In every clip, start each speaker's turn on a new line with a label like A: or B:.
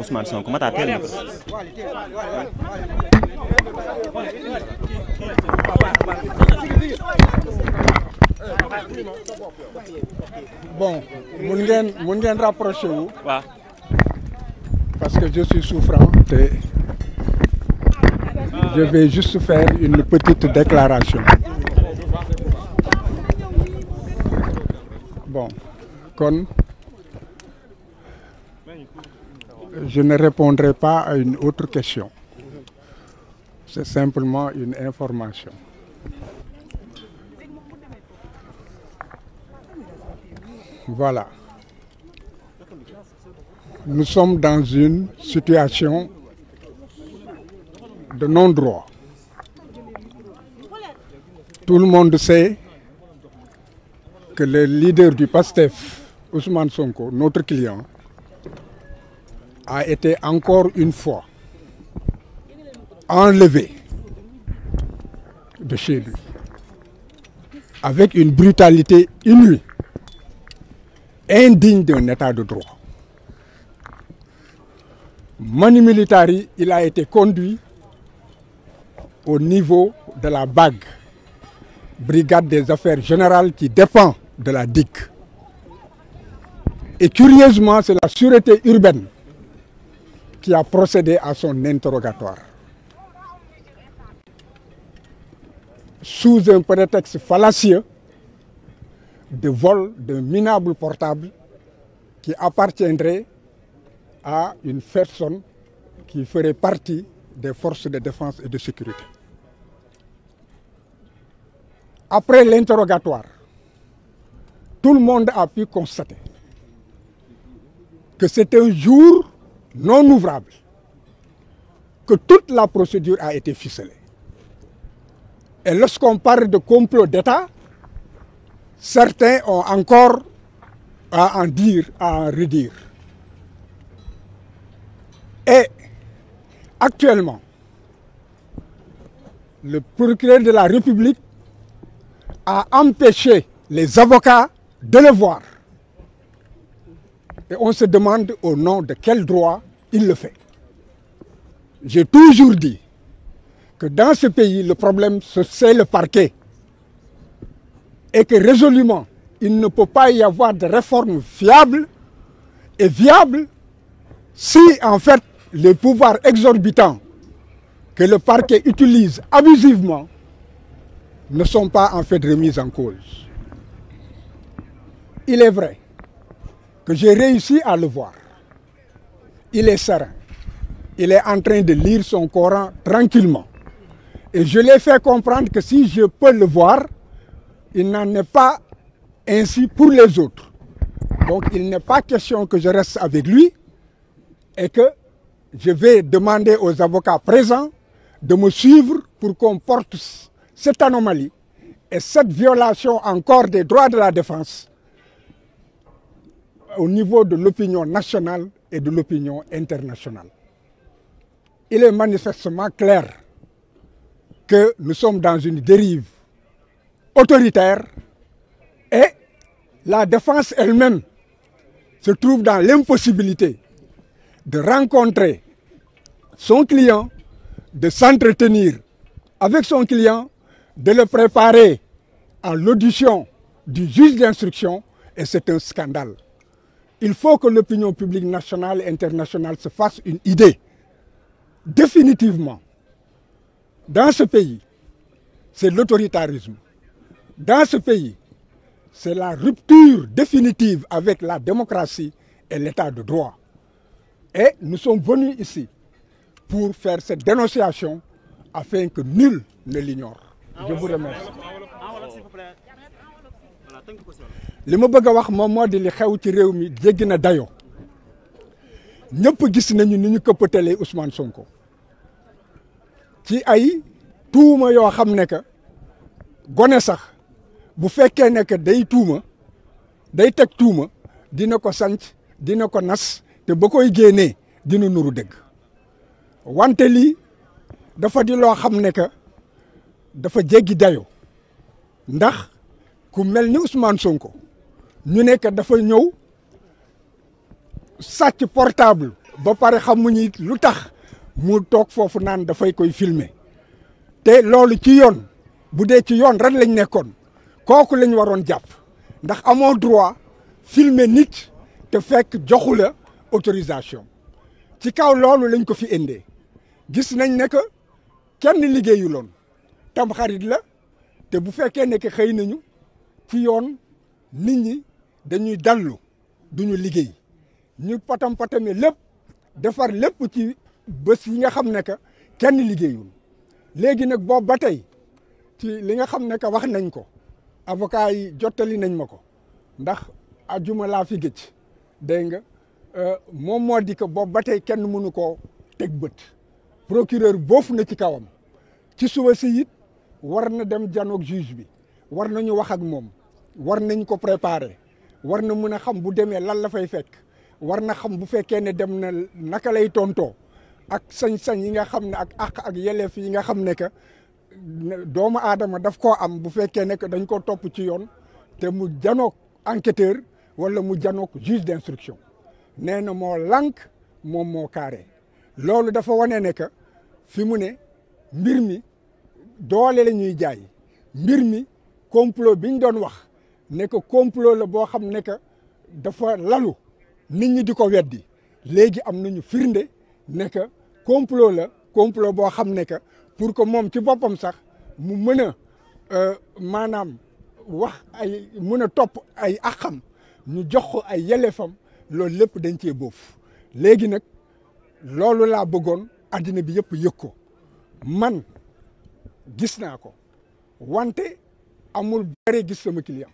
A: Ousmane bon mun ngeen mun ngeen rapproché que je suis je vais juste faire une petite déclaration. bon je ne répondrai pas à une autre question. C'est simplement une information. Voilà. Nous sommes dans une situation de non-droit. Tout le monde sait que le leader du PASTEF, Ousmane Sonko, notre client, a été encore une fois enlevé de chez lui avec une brutalité inouïe, indigne d'un état de droit. Manu Militari, il a été conduit au niveau de la BAG, Brigade des Affaires Générales qui dépend de la DIC. Et curieusement, c'est la sûreté urbaine qui a procédé à son interrogatoire. Sous un prétexte fallacieux de vol d'un minable portable qui appartiendrait à une personne qui ferait partie des forces de défense et de sécurité. Après l'interrogatoire, tout le monde a pu constater que c'est un jour non ouvrable que toute la procédure a été ficelée. Et lorsqu'on parle de complot d'État, certains ont encore à en dire, à en redire. Et actuellement, le procureur de la République a empêché les avocats de le voir. Et on se demande au nom de quel droit il le fait. J'ai toujours dit que dans ce pays, le problème, c'est le parquet. Et que résolument, il ne peut pas y avoir de réforme fiable et viable si, en fait, les pouvoirs exorbitants que le parquet utilise abusivement ne sont pas en fait remis en cause. Il est vrai que j'ai réussi à le voir. Il est serein. Il est en train de lire son Coran tranquillement. Et je l'ai fait comprendre que si je peux le voir, il n'en est pas ainsi pour les autres. Donc il n'est pas question que je reste avec lui et que je vais demander aux avocats présents de me suivre pour qu'on porte cette anomalie et cette violation encore des droits de la défense au niveau de l'opinion nationale et de l'opinion internationale. Il est manifestement clair que nous sommes dans une dérive autoritaire et la défense elle-même se trouve dans l'impossibilité de rencontrer son client, de s'entretenir avec son client, de le préparer à l'audition du juge d'instruction et c'est un scandale. il faut que l'opinion publique nationale et internationale se fasse une idée. Définitivement, dans ce pays, c'est l'autoritarisme. Dans ce pays, c'est la rupture définitive avec la démocratie et l'état de droit. Et nous sommes venus ici pour faire cette dénonciation afin que nul ne Je vous remercie. Ah, li ma bëgg a wax moom moo di li xew ci réew mi jéggi na dayoo ñëpp gis nañu ni ñu këppatalee Ousmane Sonko ci ay tuuma yoo xam ne que gone sax bu fekkee ne que day tuuma day teg tuuma dina ko sanc dina ko nas te ba koy génnee dina nuru dëgg wante lii dafa di loo xam ne que dafa jéggi dayoo ndax ku mel ni Ousmane Sonko ñu ne que dafa ñëw sàcc portable ba pare xamuñu lu tax mu toog foofu naan dafay koy filmer te loolu ci yoon bu dee ci yoon ren lañ nekkoon kooku lañ waroon jàpp ndax amoo droit filmer nit te fekk joxu la autorisation ci kaw loolu lañ ko fi indee gis nañ ne que kenn liggéeyu loon tam xarit la te bu fekkee ne que xëy nañu ci yoon nit ñi dañuy dallu duñu liggéey ñu patam patame lépp defar lépp ci bës yi nga xam ne que kenn liggéeyul léegi nag boobu ba tey ci li nga xam ne que wax nañ ko avocat yi jottali nañ ma ko ndax ajuma laa fi gëj dégg nga euh, moom moo di que boobu ba tey kenn mënu koo teg bët procureur boofu na ci kawam ci suba si it war na dem janoog juge bi war nañu wax ak moom war nañ ko préparer war na mun a xam bu demee lan la fay fekk war na xam bu fekkee ne dem na naka lay tontoo ak sañ-sañ yi nga xam ne ak àq ak yelleef yi nga xam ne que doomu aadama daf koo am bu fekkee ne que dañ ko topp ci yoon te mu janook enquêteur wala mu janook juge d'instruction nee na moo lànk moom moo carré loolu dafa wane ne que fi mu ne mbir mi doole la ñuy jaay mbir mi complot bi ñu doon wax ne que complot la boo xam ne que dafa lalu nit ñi di ko weddi léegi am nañu firnde ne que complot la complot boo xam ne que pour que moom ci boppam sax mu mën a euh, maanaam wax ay mën a topp ay axam ñu jox ko ay yelefam loolu lépp dañ cee boof léegi nag loolu laa bëggoon addina bi yëpp yëg ko man gis naa ko wante amul bare gis sama client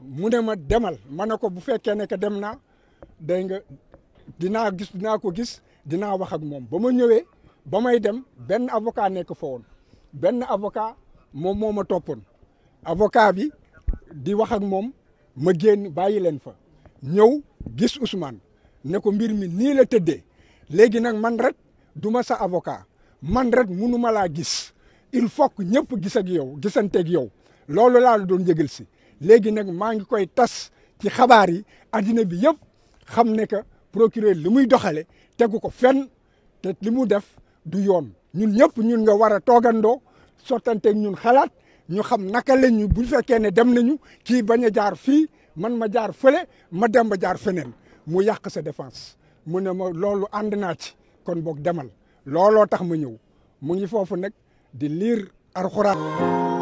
A: mu ne ma demal ma ne ko bu fekkee ne que dem naa day nga dinaa gis dinaa ko gis dinaa wax ak moom ba ma ñëwee ba may dem benn avocat nekk fa woon benn avocat moom moo ma toppoon avocat bi di wax ak moom ma génn bàyyi leen fa ñëw gis Ousmane ne ko mbir mi nii la tëddee léegi nag man rek du ma sa avocat man rek munu ma laa gis il faut que ñëpp gis ak yow gisanteeg yow loolu laa doon yëgal si léegi nag maa ngi koy tas ci xabaar yi addina bi yëpp xam ne que procureur li muy doxale tegu ko fenn te li mu def du yoon ñun ñëpp ñun nga war a toogandoo sottanteeg ñun xalaat ñu xam naka la ñu bu fekkee ne dem nañu kii bañ a jaar fii man ma jaar fële ma dem ba jaar feneen mu yàq sa défense mu ne ma loolu ànd naa ci kon boog demal looloo tax ma ñëw mu ngi foofu nag di liir alxuraan